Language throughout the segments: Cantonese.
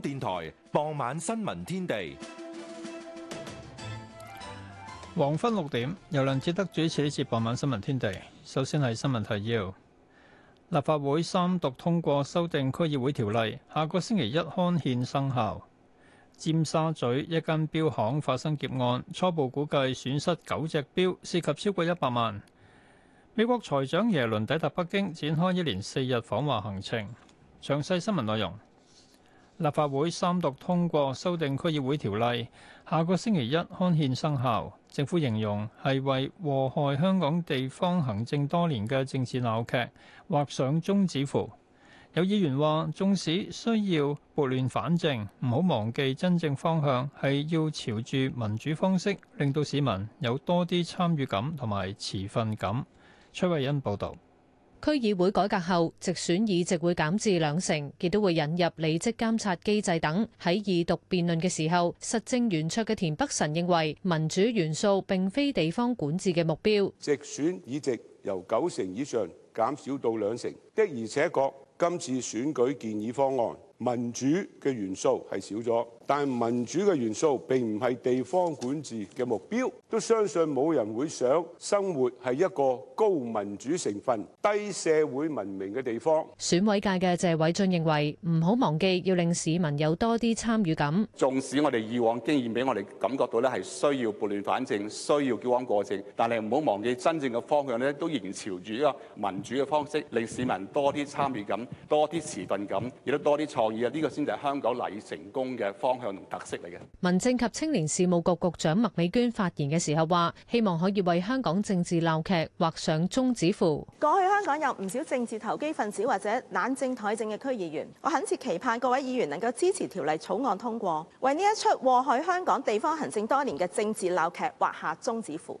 電台傍晚新聞天地，黃昏六點由梁志德主持呢次傍晚新聞天地。首先係新聞提要：立法會三讀通過修訂區議會條例，下個星期一刊憲生效。尖沙咀一間錶行發生劫案，初步估計損失九隻錶，涉及超過一百萬。美國財長耶倫抵達北京，展開一連四日訪華行程。詳細新聞內容。立法會三讀通過修訂區議會條例，下個星期一刊憲生效。政府形容係為禍害香港地方行政多年嘅政治鬧劇畫上終止符。有議員話：縱使需要撥亂反正，唔好忘記真正方向係要朝住民主方式，令到市民有多啲參與感同埋持份感。崔慧恩報導。區議會改革後，直選議席會減至兩成，亦都會引入履職監察機制等。喺二讀辯論嘅時候，實政圓桌嘅田北辰認為民主元素並非地方管治嘅目標。直選議席由九成以上減少到兩成，的而且確，今次選舉建議方案民主嘅元素係少咗。但民主嘅元素並唔係地方管治嘅目標，都相信冇人會想生活係一個高民主成分、低社會文明嘅地方。選委界嘅謝偉俊認為唔好忘記要令市民有多啲參與感，縱使我哋以往經驗俾我哋感覺到咧係需要撥亂反正、需要矯枉過正，但係唔好忘記真正嘅方向咧都仍然朝住呢個民主嘅方式，令市民多啲參與感、多啲持份感，亦都多啲創意啊！呢、呢個先至係香港嚟成功嘅方特色嚟嘅。民政及青年事務局局長麥美娟發言嘅時候話，希望可以為香港政治鬧劇畫上終止符。過去香港有唔少政治投機分子或者懶政怠政嘅區議員，我懇切期盼各位議員能夠支持條例草案通過，為呢一出禍害香港地方行政多年嘅政治鬧劇畫下終止符。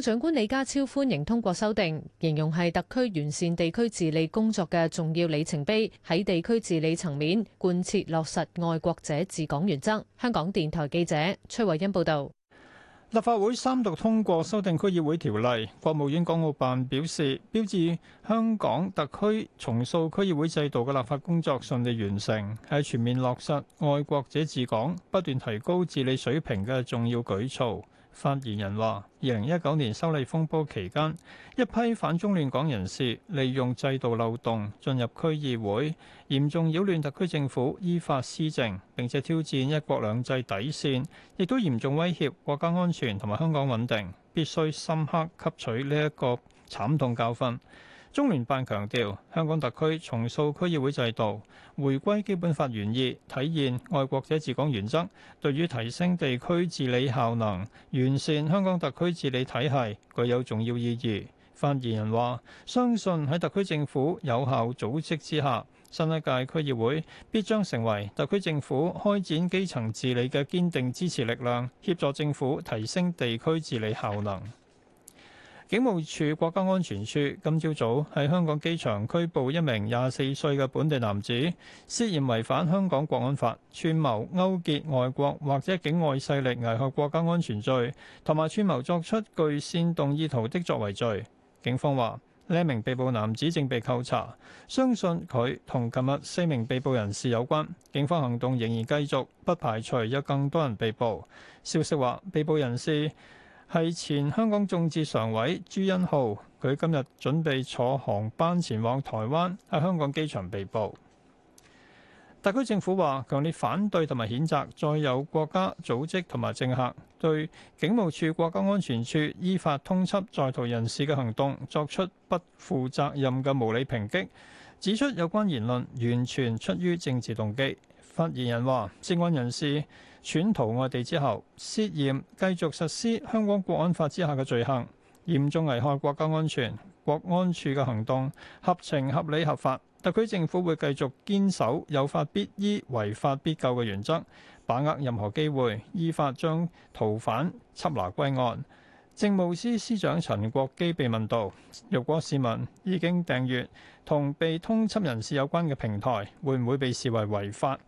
長官李家超歡迎通過修訂，形容係特區完善地區治理工作嘅重要里程碑，喺地區治理層面貫徹落實愛國者治港原則。香港電台記者崔慧欣報道，立法會三度通過修訂區議會條例，國務院港澳辦表示，標誌香港特區重塑區議會制度嘅立法工作順利完成，係全面落實愛國者治港、不斷提高治理水平嘅重要舉措。發言人話：二零一九年修例風波期間，一批反中亂港人士利用制度漏洞進入區議會，嚴重擾亂特區政府依法施政，並且挑戰一國兩制底線，亦都嚴重威脅國家安全同埋香港穩定，必須深刻吸取呢一個慘痛教訓。中聯辦強調，香港特區重塑區議會制度，回歸基本法原意，體現愛國者治港原則，對於提升地區治理效能、完善香港特區治理體系具有重要意義。發言人話：相信喺特區政府有效組織之下，新一屆區議會必將成為特區政府開展基層治理嘅堅定支持力量，協助政府提升地區治理效能。警務處國家安全處今朝早喺香港機場拘捕一名廿四歲嘅本地男子，涉嫌違反香港國安法，串謀勾結外國或者境外勢力危害國家安全罪，同埋串謀作出具煽動意圖的作為罪。警方話，呢一名被捕男子正被扣查，相信佢同琴日四名被捕人士有關。警方行動仍然繼續，不排除有更多人被捕。消息話，被捕人士。係前香港眾志常委朱恩浩，佢今日準備坐航班前往台灣，喺香港機場被捕。特區政府話強烈反對同埋譴責再有國家組織同埋政客對警務處國家安全處依法通緝在逃人士嘅行動作出不負責任嘅無理抨擊，指出有關言論完全出於政治動機。發言人話，涉案人士。竄逃外地之後，涉嫌繼續實施香港國安法之下嘅罪行，嚴重危害國家安全。國安處嘅行動合情合理合法，特區政府會繼續堅守有法必依、違法必究嘅原則，把握任何機會，依法將逃犯緝拿歸案。政務司司長陳國基被問到，若果市民已經訂閱同被通緝人士有關嘅平台，會唔會被視為違法？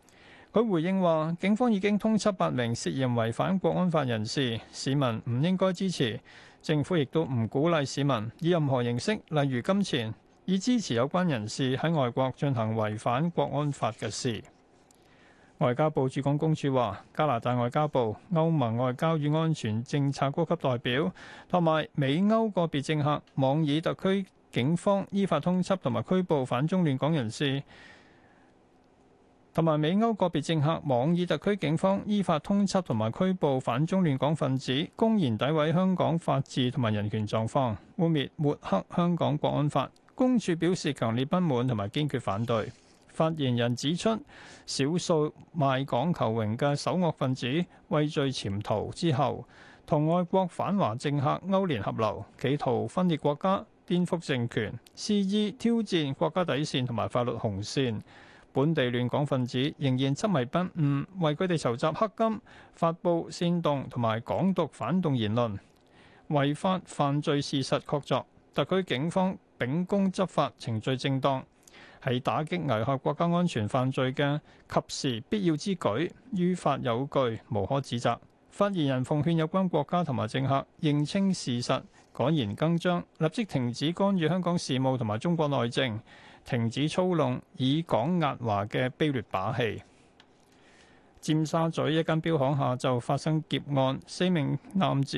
佢回應話：警方已經通緝八名涉嫌違反國安法人士，市民唔應該支持，政府亦都唔鼓勵市民以任何形式，例如金錢，以支持有關人士喺外國進行違反國安法嘅事。外交部駐港公署話：加拿大外交部、歐盟外交與安全政策高級代表同埋美歐個別政客，妄議特區警方依法通緝同埋拘捕反中亂港人士。同埋美歐個別政客妄議特區警方依法通緝同埋拘捕反中亂港分子，公然詆毀香港法治同埋人權狀況，污蔑抹黑香港國安法。公署表示強烈不滿同埋堅決反對。發言人指出，少數賣港求榮嘅首惡分子畏罪潛逃之後，同外國反華政客勾連合流，企圖分裂國家、顛覆政權、肆意挑戰國家底線同埋法律紅線。本地亂港分子仍然執迷不悟，為佢哋籌集黑金、發佈煽動同埋港獨反動言論，違法犯罪事實確鑿，特區警方秉公執法、程序正當，係打擊危害國家安全犯罪嘅及時必要之舉，於法有據，無可指責。發言人奉勸有關國家同埋政客認清事實，改弦更張，立即停止干預香港事務同埋中國內政。停止操弄以港壓華嘅卑劣把戲。尖沙咀一間錶行下晝發生劫案，四名男子，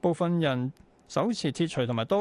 部分人手持鐵錘同埋刀，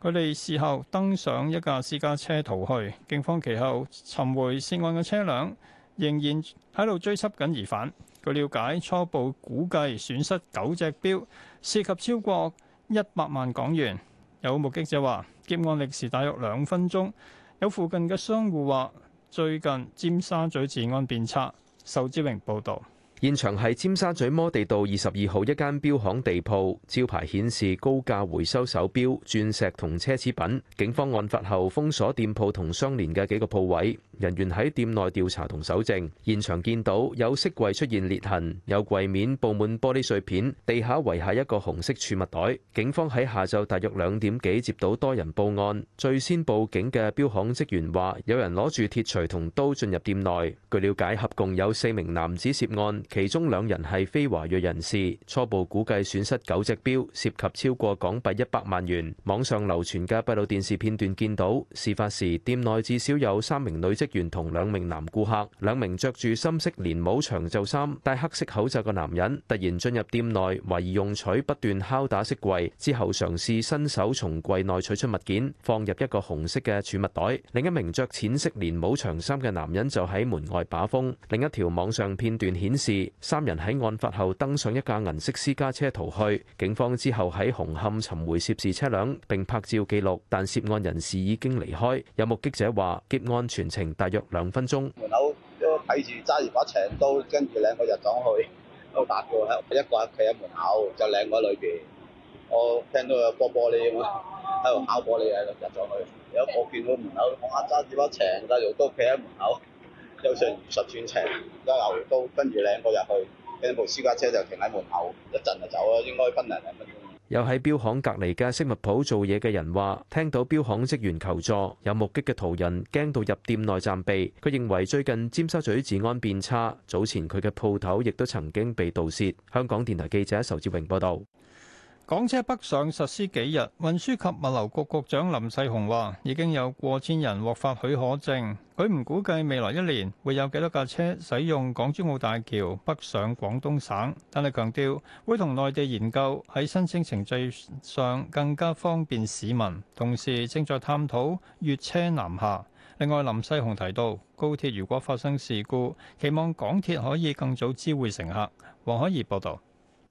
佢哋事後登上一架私家車逃去。警方其後尋回涉案嘅車輛，仍然喺度追緝緊疑犯。據了解，初步估計損失九隻錶，涉及超過一百萬港元。有目擊者話，劫案歷時大約兩分鐘。有附近嘅商戶話，最近尖沙咀治安變差，仇志榮報道。現場係尖沙咀摩地道二十二號一間錶行地鋪，招牌顯示高價回收手錶、鑽石同奢侈品。警方案發後封鎖店鋪同相連嘅幾個鋪位，人員喺店內調查同搜證。現場見到有飾櫃出現裂痕，有櫃面布滿玻璃碎片，地下遺下一個紅色儲物袋。警方喺下晝大約兩點幾接到多人報案，最先報警嘅錶行職員話：有人攞住鐵錘同刀進入店內。據了解，合共有四名男子涉案。其中兩人係非華裔人士，初步估計損失九隻錶，涉及超過港幣一百萬元。網上流傳嘅閉路電視片段見到，事發時店內至少有三名女職員同兩名男顧客。兩名着住深色連帽長袖衫、戴黑色口罩嘅男人突然進入店內，懷疑用錘不斷敲打色櫃，之後嘗試伸手從櫃內取出物件，放入一個紅色嘅儲物袋。另一名着淺色連帽長衫嘅男人就喺門外把風。另一條網上片段顯示。三人喺案發後登上一架銀色私家車逃去，警方之後喺紅磡尋回涉事車輛並拍照記錄，但涉案人士已經離開。有目擊者話，劫案全程大約兩分鐘。門口都睇住揸住把長刀，跟住兩個入咗去，喺度打嘅，喺一個企喺門口，就兩個裏邊。我聽到有玻玻璃咁，喺度敲玻璃喺度入咗去。有我見到門口我阿揸住把長嘅肉刀企喺門口。有成十寸長，架牛刀，跟住領部入去，跟部私家車就停喺門口，一陣就走啦。應該分人嚟分。又喺標行隔離間飾物鋪做嘢嘅人話，聽到標行職員求助，有目擊嘅途人驚到入店內暫避。佢認為最近尖沙咀治安變差，早前佢嘅鋪頭亦都曾經被盜竊。香港電台記者仇志榮報道。港車北上實施幾日，運輸及物流局局長林世雄話：已經有過千人獲發許可證。佢唔估計未來一年會有幾多架車使用港珠澳大橋北上廣東省，但係強調會同內地研究喺申請程序上更加方便市民。同時正在探討越車南下。另外，林世雄提到，高鐵如果發生事故，期望港鐵可以更早知會乘客。黃海怡報導。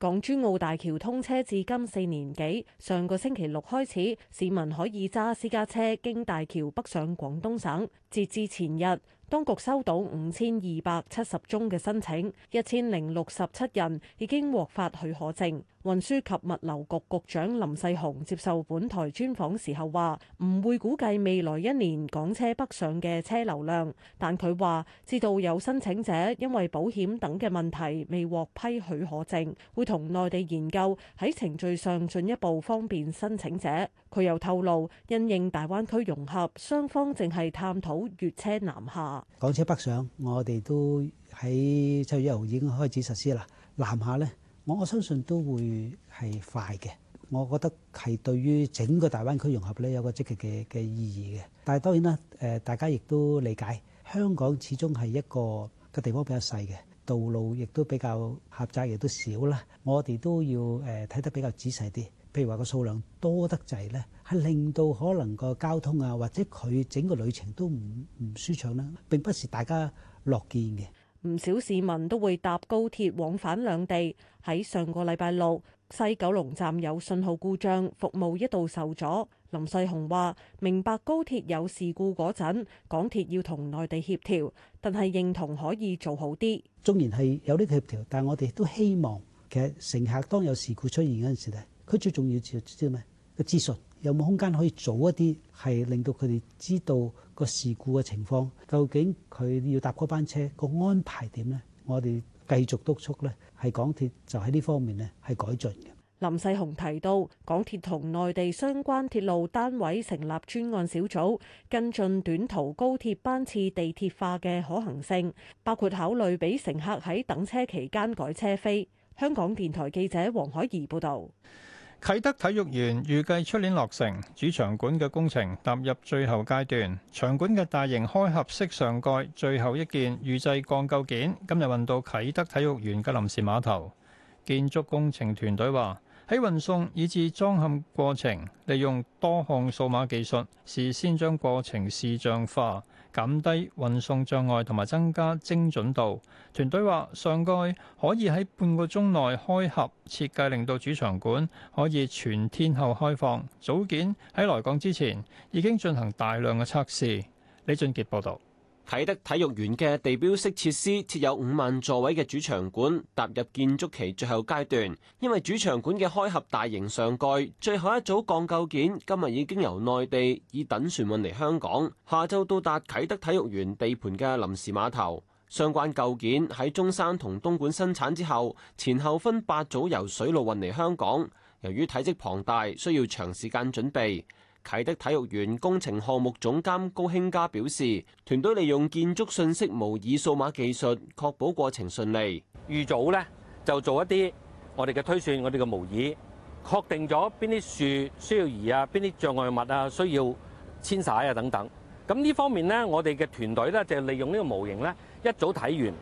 港珠澳大橋通車至今四年幾，上個星期六開始，市民可以揸私家車經大橋北上廣東省，截至前日，當局收到五千二百七十宗嘅申請，一千零六十七人已經獲發許可證。運輸及物流局局長林世雄接受本台專訪時候話：唔會估計未來一年港車北上嘅車流量，但佢話知道有申請者因為保險等嘅問題未獲批許可證，會同內地研究喺程序上進一步方便申請者。佢又透露，因應大灣區融合，雙方淨係探討粵車南下、港車北上。我哋都喺七月一號已經開始實施啦。南下呢，我我相信都會係快嘅。我覺得係對於整個大灣區融合呢，有個積極嘅嘅意義嘅。但係當然啦，誒、呃、大家亦都理解，香港始終係一個嘅地方比較細嘅，道路，亦都比較狹窄，亦都少啦。我哋都要誒睇、呃、得比較仔細啲。譬如話個數量多得滯呢，係令到可能個交通啊，或者佢整個旅程都唔唔舒暢啦。並不是大家樂見嘅。唔少市民都會搭高鐵往返兩地。喺上個禮拜六，西九龍站有信號故障，服務一度受阻。林世雄話：明白高鐵有事故嗰陣，港鐵要同內地協調，但係認同可以做好啲。縱然係有呢個協調，但係我哋都希望其實乘客當有事故出現嗰陣時佢最重要就知咩？個資訊有冇空間可以早一啲，係令到佢哋知道個事故嘅情況，究竟佢要搭嗰班車個安排點咧？我哋繼續督促咧，係港鐵就喺呢方面咧係改進嘅。林世雄提到，港鐵同內地相關鐵路單位成立專案小組，跟進短途高鐵班次地鐵化嘅可行性，包括考慮俾乘客喺等車期間改車飛。香港電台記者黃海怡報導。啟德體育園預計出年落成，主場館嘅工程踏入最後階段。場館嘅大型開合式上蓋最後一件預製鋼構件今日運到啟德體育園嘅臨時碼頭。建築工程團隊話喺運送以至裝嵌過程，利用多項數碼技術，事先將過程視像化。減低運送障礙同埋增加精準度。團隊話上蓋可以喺半個鐘內開合設計，令到主場館可以全天候開放。組件喺來港之前已經進行大量嘅測試。李俊傑報導。啟德體育園嘅地標式設施，設有五萬座位嘅主場館，踏入建築期最後階段。因為主場館嘅開合大型上蓋，最後一組鋼構件今日已經由內地以躉船運嚟香港，下晝到達啟德體育園地盤嘅臨時碼頭。相關構件喺中山同東莞生產之後，前後分八組由水路運嚟香港。由於體積龐大，需要長時間準備。啟德體育園工程項目總監高興家表示，團隊利用建築信息模擬數碼技術，確保過程順利。預早咧就做一啲我哋嘅推算，我哋嘅模擬，確定咗邊啲樹需要移啊，邊啲障礙物啊需要遷徙啊等等。咁呢方面呢，我哋嘅團隊咧就利用呢個模型咧一早睇完，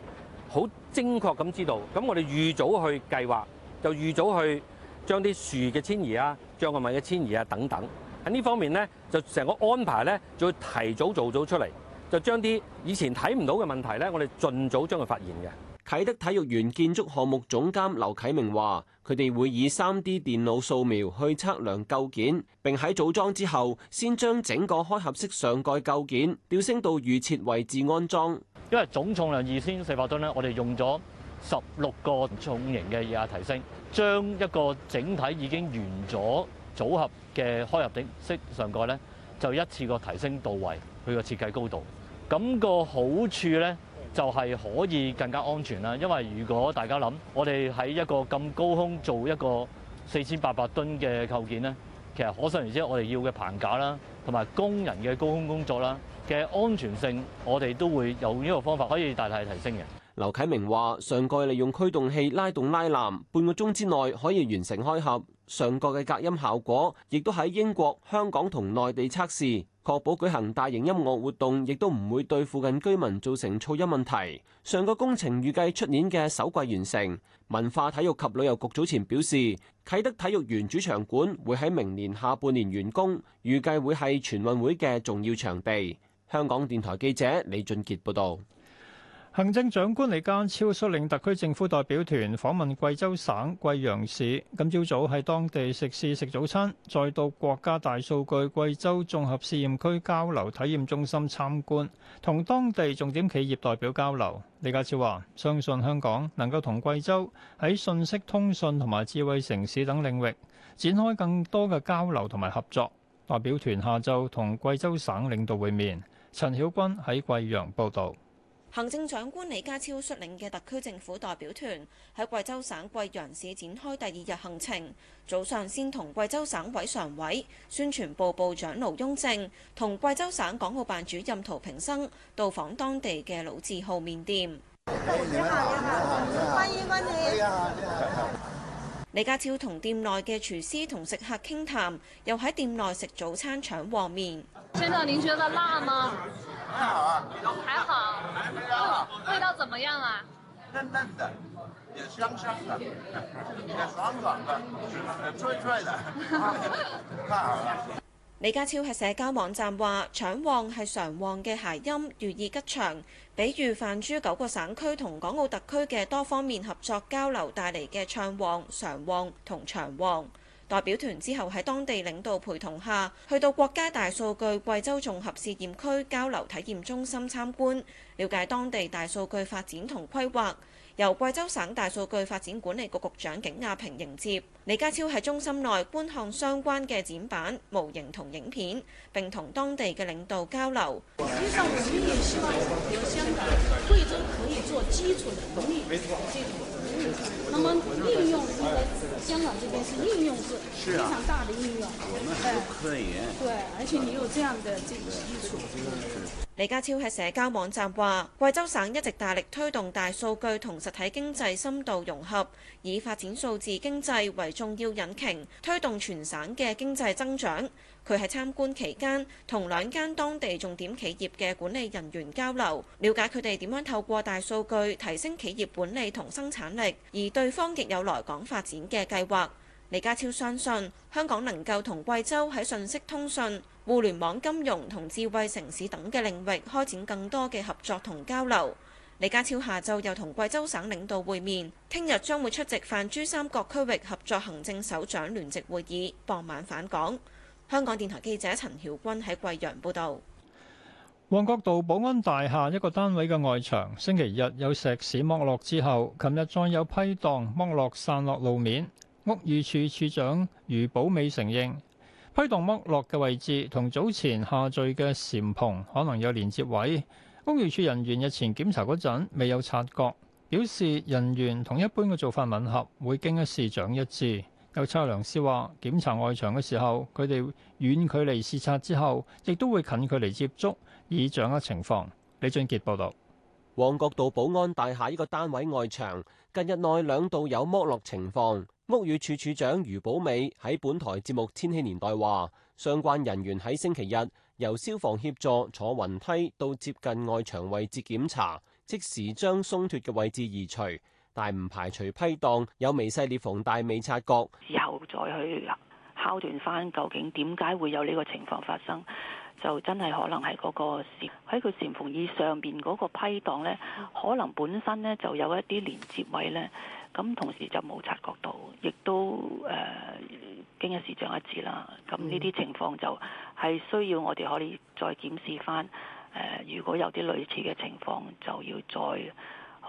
好精確咁知道。咁我哋預早去計劃，就預早去將啲樹嘅遷移啊、障礙物嘅遷移啊等等。喺呢方面呢，就成個安排呢，就會提早做咗出嚟，就將啲以前睇唔到嘅問題呢，我哋盡早將佢發現嘅。啟德體育園建築項目總監劉啟明話，佢哋會以三 d 電腦掃描去測量構件，並喺組裝之後先將整個開合式上蓋構件吊升到預設位置安裝，因為總重量二千四百噸呢，我哋用咗十六個重型嘅液壓提升，將一個整體已經完咗。組合嘅開入頂式上蓋呢，就一次過提升到位佢個設計高度。咁、那個好處呢，就係、是、可以更加安全啦。因為如果大家諗，我哋喺一個咁高空做一個四千八百噸嘅構件呢，其實可想而知，我哋要嘅棚架啦，同埋工人嘅高空工作啦嘅安全性，我哋都會有呢個方法可以大大提升嘅。劉啟明話：上蓋利用驅動器拉動拉纜，半個鐘之內可以完成開合。上蓋嘅隔音效果亦都喺英國、香港同內地測試，確保舉行大型音樂活動亦都唔會對附近居民造成噪音問題。上個工程預計出年嘅首季完成。文化體育及旅遊局早前表示，啟德體育園主場館會喺明年下半年完工，預計會係全運會嘅重要場地。香港電台記者李俊杰報道。行政長官李家超率領特區政府代表團訪問貴州省貴陽市，今朝早喺當地食肆食早餐，再到國家大數據貴州綜合試驗區交流體驗中心參觀，同當地重點企業代表交流。李家超話：相信香港能夠同貴州喺信息通訊同埋智慧城市等領域展開更多嘅交流同埋合作。代表團下晝同貴州省領導會面。陳曉君喺貴陽報道。行政長官李家超率領嘅特區政府代表團喺貴州省貴陽市展開第二日行程，早上先同貴州省委常委、宣傳部部長盧雍正同貴州省港澳辦主任陶平生到訪當地嘅老字號麵店。你好、哎，你、哎、好，歡迎光臨。哎李家超同店內嘅廚師同食客傾談，又喺店內食早餐腸旺麵。先生，您覺得辣嗎？還好啊，都還好。味道怎麼樣啊？嫩嫩的，香香的，也爽爽的，脆脆的，太好了。李家超喺社交網站話：搶旺係常旺嘅諧音，寓意吉祥。比喻泛珠九個省區同港澳特區嘅多方面合作交流帶嚟嘅暢旺、常旺同長旺。代表團之後喺當地領導陪同下去到國家大數據貴州綜合試驗區交流體驗中心參觀，了解當地大數據發展同規劃。由貴州省大數據發展管理局局長景亞平迎接，李家超喺中心內觀看相關嘅展板、模型同影片，並同當地嘅領導交流。其實我們也希望同香港、貴州可以做基礎能力合作，這個沒錯，嗯，那麼應用呢？香港這邊是應用是非常大的應用，誒、啊，對，而且你有這樣的基礎、啊、這個。李家超喺社交網站話：貴州省一直大力推動大數據同實體經濟深度融合，以發展數字經濟為重要引擎，推動全省嘅經濟增長。佢喺參觀期間同兩間當地重點企業嘅管理人員交流，了解佢哋點樣透過大數據提升企業管理同生產力，而對方亦有來港發展嘅計劃。李家超相信香港能夠同貴州喺信息通訊，互聯網金融同智慧城市等嘅領域，開展更多嘅合作同交流。李家超下晝又同貴州省領導會面，聽日將會出席泛珠三角區域合作行政首長聯席會議，傍晚返港。香港電台記者陳曉君喺貴陽報道。旺角道保安大廈一個單位嘅外牆，星期日有石屎剝落之後，琴日再有批盪剝落散落路面。屋宇署署署長余寶美承認。批盪剝落嘅位置同早前下墜嘅簷篷可能有連接位，屋宇署人員日前檢查嗰陣未有察覺，表示人員同一般嘅做法吻合，會經一事長一智。有測量師話，檢查外牆嘅時候，佢哋遠距離視察之後，亦都會近距離接觸以掌握情況。李俊傑報導。旺角道保安大廈呢個單位外牆近日內兩度有剝落情況。屋宇署署長余寶美喺本台節目《千禧年代》話，相關人員喺星期日由消防協助坐雲梯到接近外牆位置檢查，即時將鬆脫嘅位置移除，但唔排除批檔有微細裂縫但未察覺，之後再去敲斷翻。究竟點解會有呢個情況發生？就真係可能係嗰、那個喺佢懸蓬椅上面嗰個批檔呢，可能本身呢就有一啲連接位呢。咁同時就冇察覺到，亦都誒、呃、經一事長一智啦。咁呢啲情況就係需要我哋可以再檢視翻。誒、呃、如果有啲類似嘅情況，就要再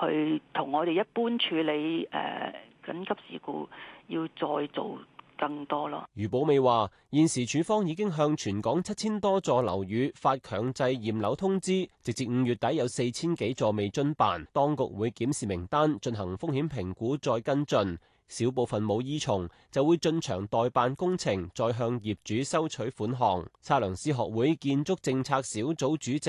去同我哋一般處理。誒、呃、緊急事故要再做。更多咯。余寶美話：現時署方已經向全港七千多座樓宇發強制驗樓通知，直至五月底有四千幾座未遵辦，當局會檢視名單，進行風險評估再跟進。小部分冇依從，就會進場代辦工程，再向業主收取款項。測量師學會建築政策小組主席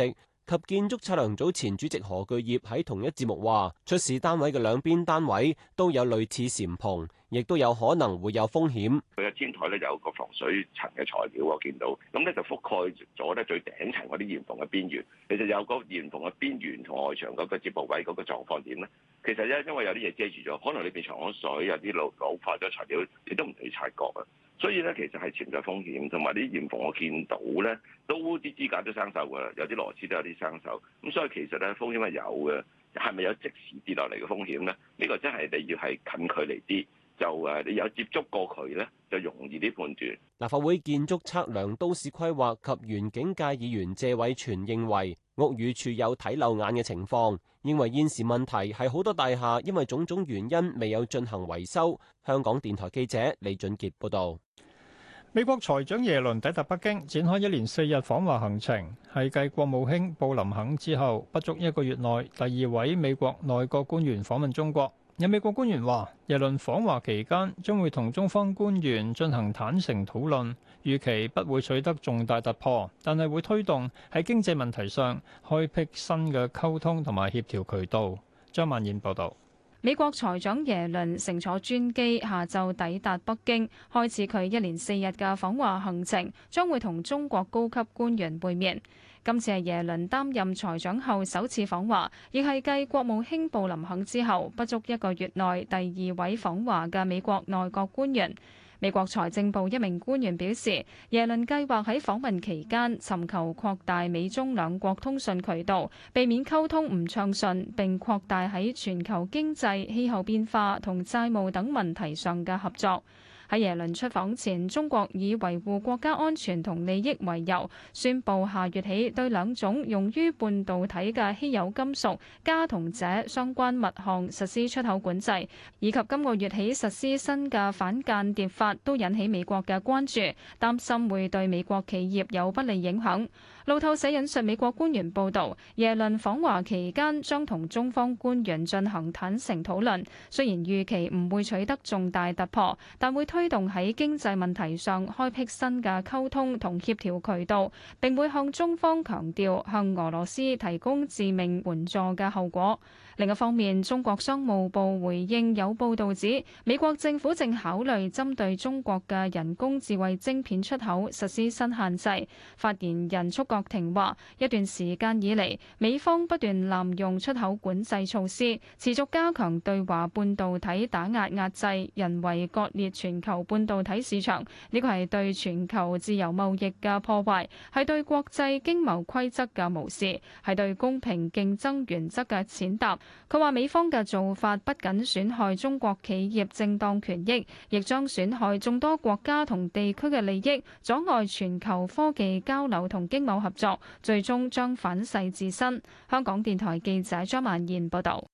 及建築測量組前主席何巨業喺同一節目話：出事單位嘅兩邊單位都有類似簷篷。亦都有可能會有風險。佢個天台咧，有一個防水層嘅材料，我見到咁咧，就覆蓋咗咧，最頂層嗰啲岩縫嘅邊緣。其實有個岩縫嘅邊緣同外牆嗰個接部位嗰個狀況點咧？其實咧，因為有啲嘢遮住咗，可能裏邊藏咗水，有啲老老化咗材料，你都唔會察覺啊。所以咧，其實係潛在風險，同埋啲岩縫我見到咧都啲支架都生鏽噶啦，有啲螺絲都有啲生鏽。咁所以其實咧風險係有嘅，係咪有即時跌落嚟嘅風險咧？呢個真係你要係近距離啲。就誒，你有接觸過佢咧，就容易啲判斷。立法會建築測量都市規劃及園境界議員謝偉全認為，屋宇署有睇漏眼嘅情況。認為現時問題係好多大廈因為種種原因未有進行維修。香港電台記者李俊傑報道。美國財長耶倫抵達北京，展開一連四日訪華行程，係繼國務卿布林肯之後，不足一個月內第二位美國內閣官員訪問中國。有美國官員話：耶倫訪華期間將會同中方官員進行坦誠討論，預期不會取得重大突破，但係會推動喺經濟問題上開闢新嘅溝通同埋協調渠道。張曼燕報導。美國財長耶倫乘坐專機下晝抵達北京，開始佢一連四日嘅訪華行程，將會同中國高級官員會面。今次係耶倫擔任財長後首次訪華，亦係繼國務卿布林肯之後不足一個月內第二位訪華嘅美國內閣官員。美國財政部一名官員表示，耶倫計劃喺訪問期間尋求擴大美中兩國通訊渠道，避免溝通唔暢順，並擴大喺全球經濟、氣候變化同債務等問題上嘅合作。喺耶倫出訪前，中國以維護國家安全同利益為由，宣布下月起對兩種用於半導體嘅稀有金屬——鎵同鍺相關物項實施出口管制，以及今個月起實施新嘅反間諜法，都引起美國嘅關注，擔心會對美國企業有不利影響。路透社引述美國官員報道，耶倫訪華期間將同中方官員進行坦誠討論，雖然預期唔會取得重大突破，但會推動喺經濟問題上開闢新嘅溝通同協調渠道，並會向中方強調向俄羅斯提供致命援助嘅後果。另一方面，中國商務部回應有報道指，美國政府正考慮針對中國嘅人工智慧晶片出口實施新限制。發言人束國庭話，一段時間以嚟，美方不斷濫用出口管制措施，持續加強對華半導體打壓壓制，人為割裂全球半導體市場。呢個係對全球自由貿易嘅破壞，係對國際經貿規則嘅無視，係對公平競爭原則嘅踐踏。佢話：美方嘅做法不僅損害中國企業正當權益，亦將損害眾多國家同地區嘅利益，阻礙全球科技交流同經貿合作，最終將反噬自身。香港電台記者張曼燕報道。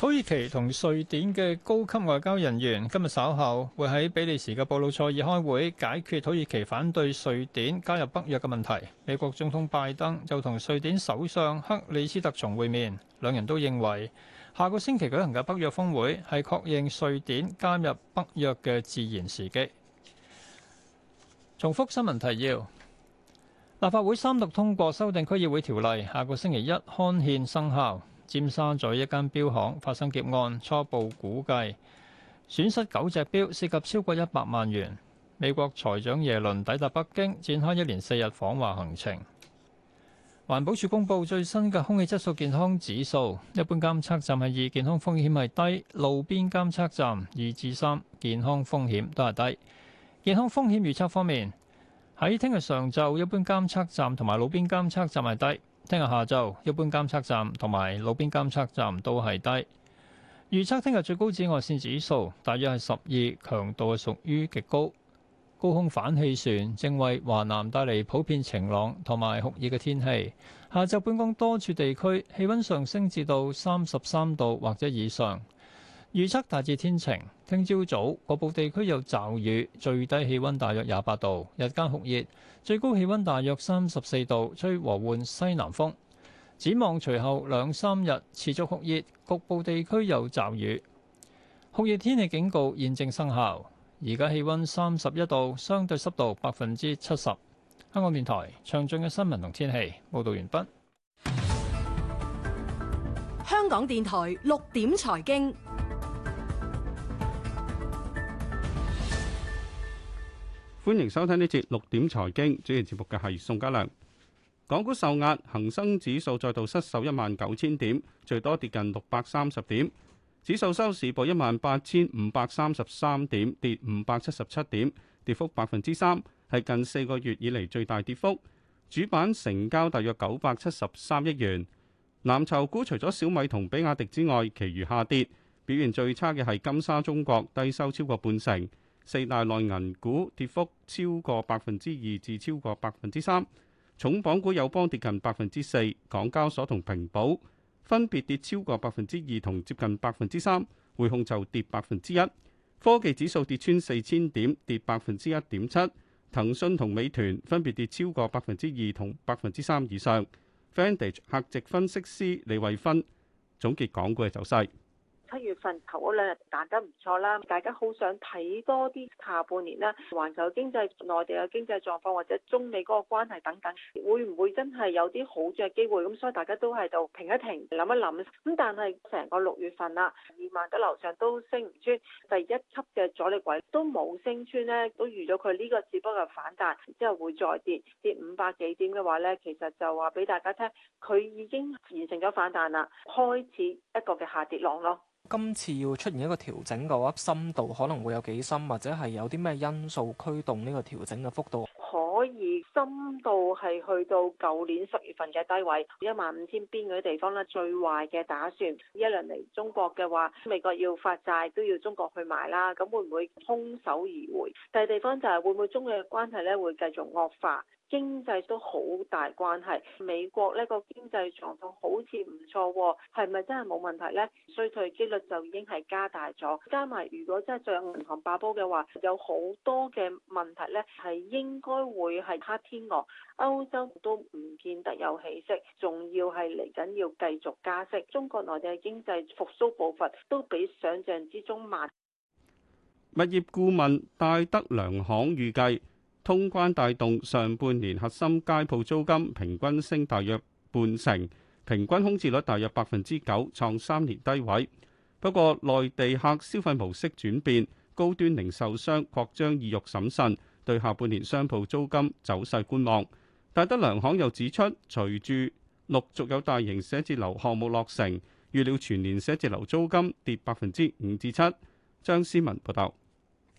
土耳其同瑞典嘅高級外交人員今日稍後會喺比利時嘅布魯塞爾開會，解決土耳其反對瑞典加入北約嘅問題。美國總統拜登就同瑞典首相克里斯特松會面，兩人都認為下個星期舉行嘅北約峰會係確認瑞典加入北約嘅自然時機。重複新聞提要：立法會三讀通過修訂區議會條例，下個星期一刊憲生效。尖沙咀一間錶行發生劫案，初步估計損失九隻錶，涉及超過一百萬元。美國財長耶倫抵達北京，展開一連四日訪華行程。環保署公布最新嘅空氣質素健康指數，一般監測站係二，健康風險係低；路邊監測站二至三，健康風險都係低。健康風險預測方面，喺聽日上晝，一般監測站同埋路邊監測站係低。聽日下晝，一般監測站同埋路邊監測站都係低。預測聽日最高紫外線指數大約係十二，強度屬於極高。高空反氣旋正為華南帶嚟普遍晴朗同埋酷熱嘅天氣。下晝本港多處地區氣温上升至到三十三度或者以上。預測大致天晴，聽朝早局部地區有驟雨，最低氣溫大約廿八度，日間酷熱，最高氣溫大約三十四度，吹和緩西南風。展望隨後兩三日持續酷熱，局部地區有驟雨。酷熱天氣警告現正生效。而家氣溫三十一度，相對濕度百分之七十。香港電台詳盡嘅新聞同天氣報道完畢。香港電台六點財經。歡迎收聽呢節六點財經，主持節目嘅係宋家良。港股受壓，恒生指數再度失守一萬九千點，最多跌近六百三十點。指數收市報一萬八千五百三十三點，跌五百七十七點，跌幅百分之三，係近四個月以嚟最大跌幅。主板成交大約九百七十三億元。藍籌股除咗小米同比亞迪之外，其餘下跌，表現最差嘅係金沙中國，低收超過半成。四大內銀股跌幅超過百分之二至超過百分之三，重磅股友邦跌近百分之四，港交所同平保分別跌超過百分之二同接近百分之三，匯控就跌百分之一。科技指數跌穿四千點，跌百分之一點七，騰訊同美團分別跌超過百分之二同百分之三以上。Vantage 客席分析師李慧芬總結港股嘅走勢。七月份頭嗰兩日彈得唔錯啦，大家好想睇多啲下半年啦，環球經濟、內地嘅經濟狀況或者中美嗰個關係等等，會唔會真係有啲好嘅機會？咁所以大家都喺度停一停，諗一諗。咁但係成個六月份啦，二萬嘅樓上都升唔穿，第一級嘅阻力位都冇升穿咧，都預咗佢呢個只不過反彈，之後會再跌跌五百幾點嘅話呢，其實就話俾大家聽，佢已經完成咗反彈啦，開始一個嘅下跌浪咯。今次要出現一個調整嘅話，深度可能會有幾深，或者係有啲咩因素驅動呢個調整嘅幅度？可以深度係去到舊年十月份嘅低位，一萬五千邊嗰啲地方咧。最壞嘅打算，一輪嚟中國嘅話，美國要發債都要中國去買啦。咁會唔會空手而回？第二地方就係會唔會中美嘅關係咧會繼續惡化？經濟都好大關係，美國呢個經濟狀況好似唔錯喎，係咪真係冇問題呢？衰退機率就已經係加大咗，加埋如果真係再有銀行爆煲嘅話，有好多嘅問題呢係應該會係黑天鵝。歐洲都唔見得有起色，仲要係嚟緊要繼續加息。中國內地經濟復甦步伐都比想象之中慢。物業顧問戴德梁行預計。通關帶動上半年核心街鋪租金平均升大約半成，平均空置率大約百分之九，創三年低位。不過內地客消費模式轉變，高端零售商擴張意欲審慎，對下半年商鋪租金走勢觀望。戴德梁行又指出，隨住陸續有大型寫字樓項目落成，預料全年寫字樓租金跌百分之五至七。張思文報道。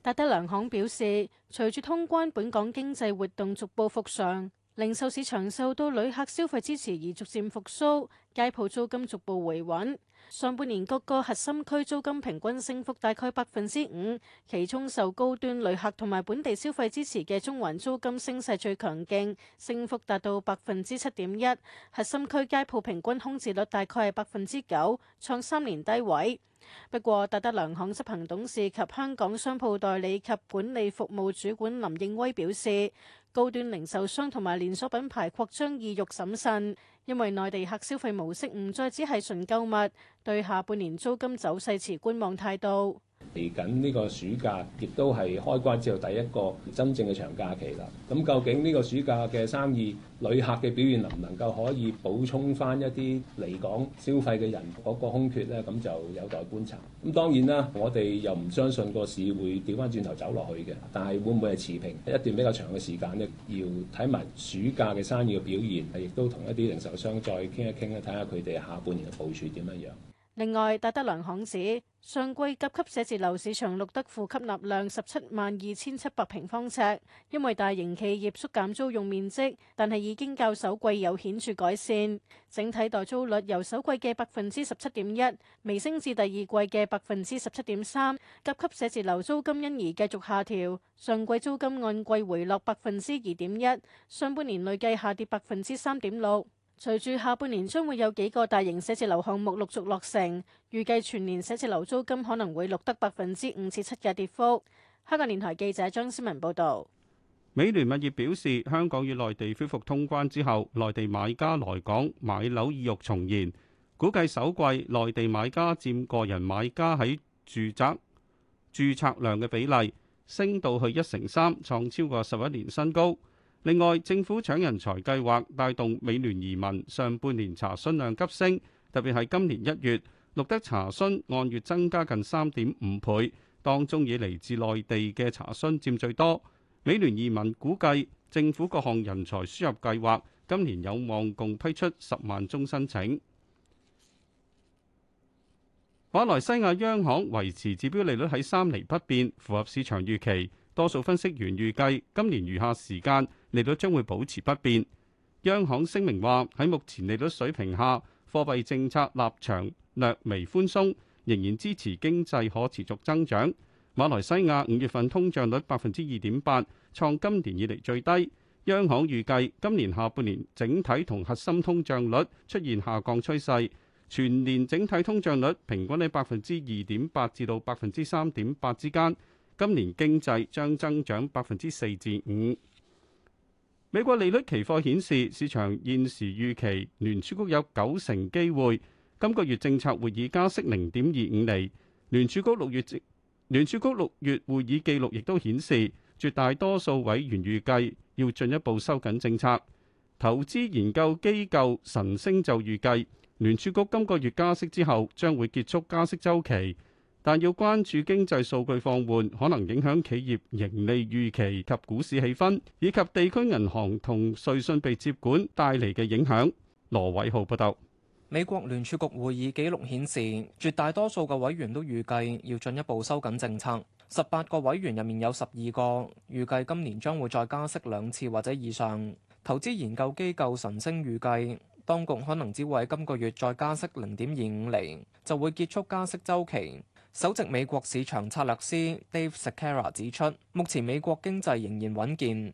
戴德梁行表示，隨住通關，本港經濟活動逐步復常，零售市場受到旅客消費支持而逐漸復甦，街鋪租金逐步回穩。上半年各個核心區租金平均升幅大概百分之五，其中受高端旅客同埋本地消費支持嘅中環租金升勢最強勁，升幅達到百分之七點一。核心區街鋪平均空置率大概係百分之九，創三年低位。不過，戴德梁行執行董事及香港商鋪代理及管理服務主管林應威表示，高端零售商同埋連鎖品牌擴張意欲審慎。因為內地客消費模式唔再只係純購物，對下半年租金走勢持觀望態度。嚟緊呢個暑假，亦都係開關之後第一個真正嘅長假期啦。咁究竟呢個暑假嘅生意、旅客嘅表現能唔能夠可以補充翻一啲嚟港消費嘅人嗰個空缺呢？咁就有待觀察。咁當然啦，我哋又唔相信個市會掉翻轉頭走落去嘅。但係會唔會係持平一段比較長嘅時間咧？要睇埋暑假嘅生意嘅表現，亦都同一啲零售商再傾一傾咧，睇下佢哋下半年嘅部署點樣樣。另外，戴德梁行指上季甲級寫字樓市場錄得負吸納量十七萬二千七百平方尺，因為大型企業縮減租用面積，但係已經較首季有顯著改善。整體待租率由首季嘅百分之十七點一微升至第二季嘅百分之十七點三，甲級寫字樓租金因而繼續下調，上季租金按季回落百分之二點一，上半年累計下跌百分之三點六。隨住下半年將會有幾個大型寫字樓項目陸續落成，預計全年寫字樓租金可能會錄得百分之五至七嘅跌幅。香港電台記者張思文報導。美聯物業表示，香港與內地恢復通關之後，內地買家來港買樓意欲重燃，估計首季內地買家佔個人買家喺住宅註冊量嘅比例升到去一成三，創超過十一年新高。另外，政府搶人才計劃帶動美聯移民上半年查詢量急升，特別係今年一月，錄得查詢按月增加近三點五倍。當中以嚟自內地嘅查詢佔最多。美聯移民估計，政府各項人才輸入計劃今年有望共批出十萬宗申請。馬來西亞央行維持指標利率喺三釐不變，符合市場預期。多數分析員預計今年餘下時間利率將會保持不變。央行聲明話，喺目前利率水平下，貨幣政策立場略微寬鬆，仍然支持經濟可持續增長。馬來西亞五月份通脹率百分之二點八，創今年以嚟最低。央行預計今年下半年整體同核心通脹率出現下降趨勢，全年整體通脹率平均喺百分之二點八至到百分之三點八之間。今年經濟將增長百分之四至五。美國利率期貨顯示，市場現時預期聯儲局有九成機會今個月政策會議加息零點二五厘。聯儲局六月聯儲局六月會議記錄亦都顯示，絕大多數委員預計要進一步收緊政策。投資研究機構晨星就預計，聯儲局今個月加息之後，將會結束加息週期。但要關注經濟數據放緩，可能影響企業盈利預期及股市氣氛，以及地區銀行同瑞信被接管帶嚟嘅影響。羅偉浩報導。美國聯儲局會議記錄顯示，絕大多數嘅委員都預計要進一步收緊政策。十八個委員入面有十二個預計今年將會再加息兩次或者以上。投資研究機構神星預計，當局可能只會喺今個月再加息零點二五厘，就會結束加息週期。首席美國市場策略師 Dave Sekera 指出，目前美國經濟仍然穩健。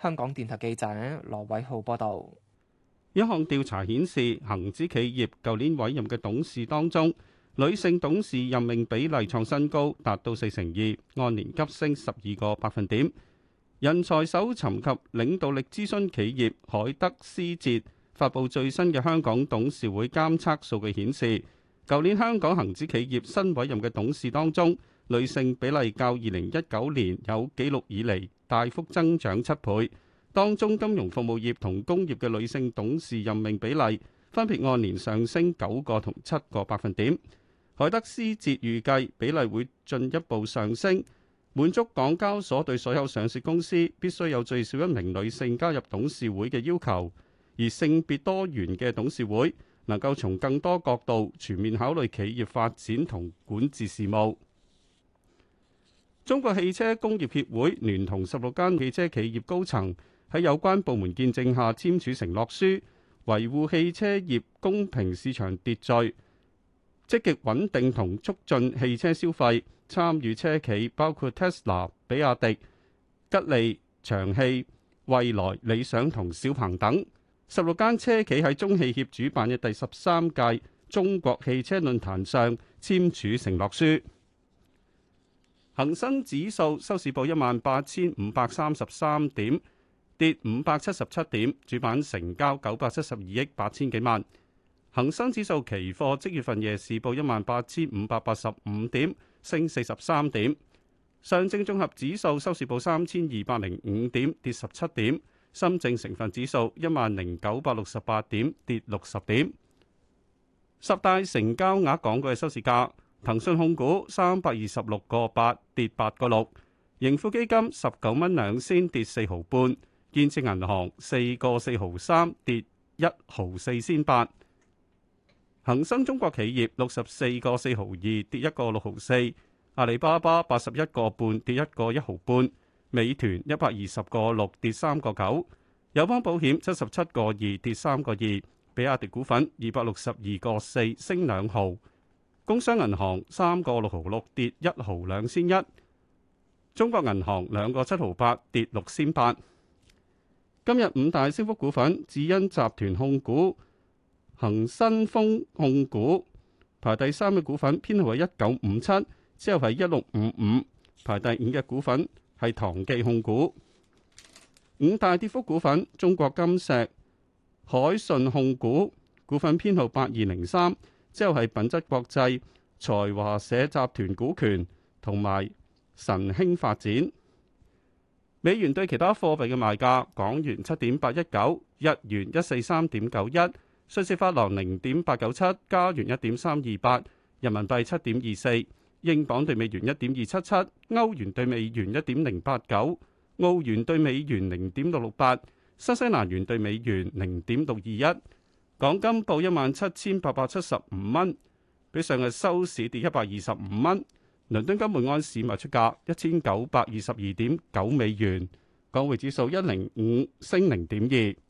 香港電台記者羅偉浩報道：一項調查顯示，恒指企業舊年委任嘅董事當中，女性董事任命比例創新高，達到四成二，按年急升十二個百分點。人才搜尋及領導力諮詢企業海德思哲發佈最新嘅香港董事會監測數據顯示，舊年香港恒指企業新委任嘅董事當中，女性比例較二零一九年有紀錄以嚟，大幅增長七倍，當中金融服務業同工業嘅女性董事任命比例分別按年上升九個同七個百分點。海德思哲預計比例會進一步上升，滿足港交所對所有上市公司必須有最少一名女性加入董事會嘅要求。而性別多元嘅董事會能夠從更多角度全面考慮企業發展同管治事務。中國汽車工業協會聯同十六間汽車企業高層喺有關部門見證下簽署承諾書，維護汽車業公平市場秩序，積極穩定同促進汽車消費。參與車企包括 Tesla、比亞迪、吉利、長汽、蔚來、理想同小鵬等十六間車企喺中汽協主辦嘅第十三屆中國汽車論壇上簽署承諾書。恒生指數收市報一萬八千五百三十三點，跌五百七十七點，主板成交九百七十二億八千幾萬。恒生指數期貨即月份夜市報一萬八千五百八十五點，升四十三點。上證綜合指數收市報三千二百零五點，跌十七點。深證成分指數一萬零九百六十八點，跌六十點。十大成交額港股嘅收市價。騰訊控股三百二十六個八跌八個六，盈富基金十九蚊兩仙跌四毫半，建設銀行四個四毫三跌一毫四仙八，恒生中國企業六十四個四毫二跌一個六毫四，阿里巴巴八十一個半跌一個一毫半，美團一百二十個六跌三個九，友邦保險七十七個二跌三個二，比亞迪股份二百六十二個四升兩毫。工商銀行三個六毫六跌一毫，兩仙一；中國銀行兩個七毫八跌六仙八。今日五大升幅股份：智恩集團控股、恒新豐控股，排第三嘅股份編號係一九五七，之後係一六五五，排第五嘅股份係唐記控股。五大跌幅股份：中國金石、海信控股股份編號八二零三。之後係品質國際、財華社集團股權同埋神興發展。美元對其他貨幣嘅賣價：港元七點八一九，日元一四三點九一，瑞士法郎零點八九七，加元一點三二八，人民幣七點二四，英鎊對美元一點二七七，歐元對美元一點零八九，澳元對美元零點六六八，新西蘭元對美元零點六二一。港金報一萬七千八百七十五蚊，比上日收市跌一百二十五蚊。倫敦金每盎司賣出價一千九百二十二點九美元，港匯指數一零五升零點二。